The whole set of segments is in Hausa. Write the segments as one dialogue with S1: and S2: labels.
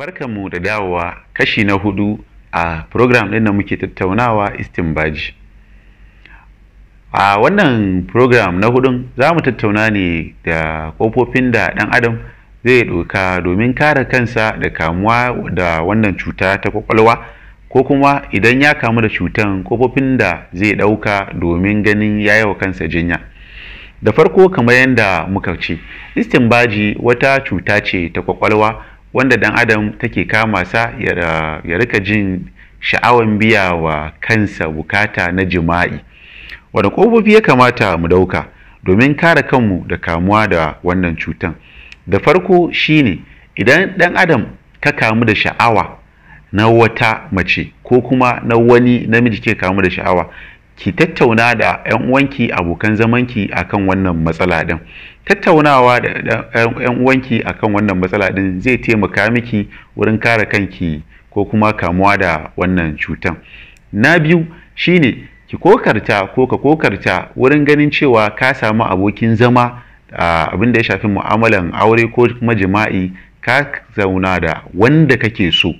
S1: Barkanmu da dawowa kashi na hudu a program ɗin da muke tattaunawa istimbaji A wannan program na hudun za mu tattauna ne da ƙofofin da ɗan adam zai ɗauka domin kare kansa da kamuwa da wannan cuta ta kwakwalwa ko kuma idan ya kamu da cutan ƙofofin da zai ɗauka domin ganin ya yi wa kansa jinya. Da farko kamar yadda muka ce, istimbaji wata cuta ce ta kwakwalwa wanda dan adam take kama sa ya rika jin sha'awan biya wa kansa bukata na jima'i wanda ƙofofi ya kamata mu dauka domin kare kanmu da kamuwa da wannan cutan da farko shine idan ɗan adam ka kamu da sha'awa na wata mace ko kuma na wani namiji ke kamu da sha'awa ki tattauna da 'yan uwanki abokan zamanki akan wannan matsala din tattaunawa da 'yan uwanki akan wannan matsala din zai taimaka miki wurin kare kanki ko kuma kamuwa da wannan cutan na biyu shine ki kokarta ko ka kokarta wurin ganin cewa ka samu abokin zama abin da ya shafi mu'amalan aure ko kuma jima'i ka zauna da wanda kake so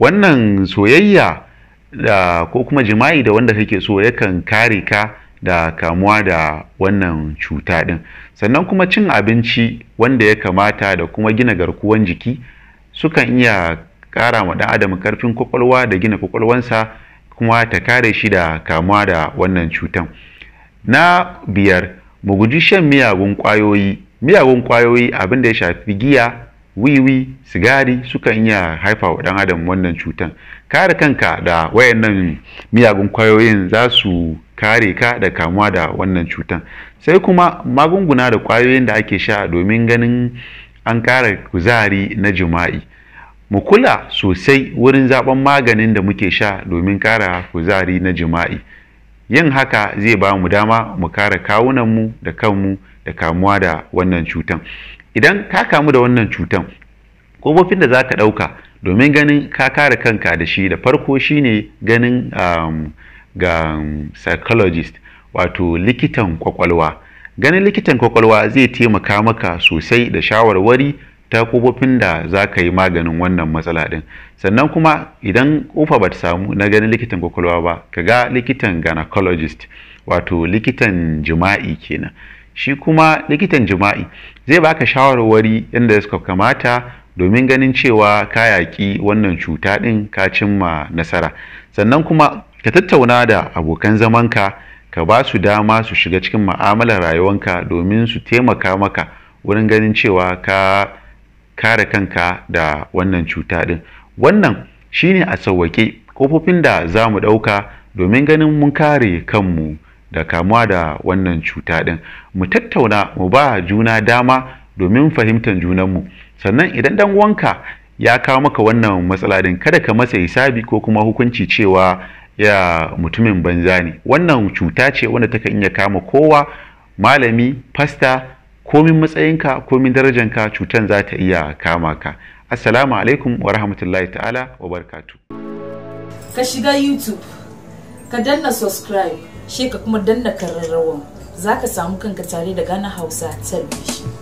S1: wannan soyayya da ko kuma jima'i da wanda kake so yakan kare ka da kamuwa da wannan cuta ɗin sannan kuma cin abinci wanda ya kamata da kuma gina garkuwan jiki sukan iya ƙara ma ɗan adam ƙarfin kwakwalwa da gina kwakwalwansa kuma ta kare shi da kamuwa da wannan cutan na biyar mu guji shan miyagun ƙwayoyi miyagun ƙwayoyi abin da ya shafi giya wiwi sigari sukan iya haifa wa ɗan adam wannan cutan kare kanka da wayannan miyagun kwayoyin za su kare ka da kamuwa da wannan cutan sai kuma magunguna da kwayoyin da ake sha domin ganin an kare kuzari na jima'i mu kula sosai wurin zaben maganin da muke sha domin kara kuzari na jima'i yin haka zai ba mu dama mu kare kawunanmu da kanmu da kamuwa da wannan cutan idan ka kamu da wannan cutan kofofin da za ka ɗauka domin ganin ka kare kanka da shi da farko shine ganin um, ga um, psychologist wato likitan kwakwalwa ganin likitan kwakwalwa zai taimaka maka sosai da shawarwari ta kofofin da za ka yi maganin wannan matsala ɗin sannan kuma idan kofa ba ta samu na ganin likitan kwakwalwa ba ka ga likitan gynecologist wato likitan jima'i kenan shi kuma likitan jima'i zai baka shawarwari yadda suka kamata domin ganin cewa ka yaƙi wannan cuta ɗin ka cimma nasara sannan kuma ka tattauna da abokan zamanka ka ba su dama su shiga cikin ma'amalar rayuwanka domin su taimaka maka wurin ganin cewa ka kare kanka da wannan cuta ɗin wannan shine a sauwaƙe kofofin da za mu ɗauka domin ganin mun kare kanmu da kamuwa da wannan cuta ɗin mu tattauna mu ba juna dama domin fahimtar junanmu sannan idan dan wanka ya kawo maka wannan matsala din kada ka masa hisabi ko kuma hukunci cewa ya mutumin banza ne wannan cuta ce wanda takan iya kama kowa malami fasta komin matsayinka komin darajanka cutan za ta iya kama ka assalamu alaikum wa rahmatullahi ta'ala wa barkatu ka shiga youtube ka danna subscribe shi ka kuma danna kararrawan zaka samu kanka tare da gana Hausa Television.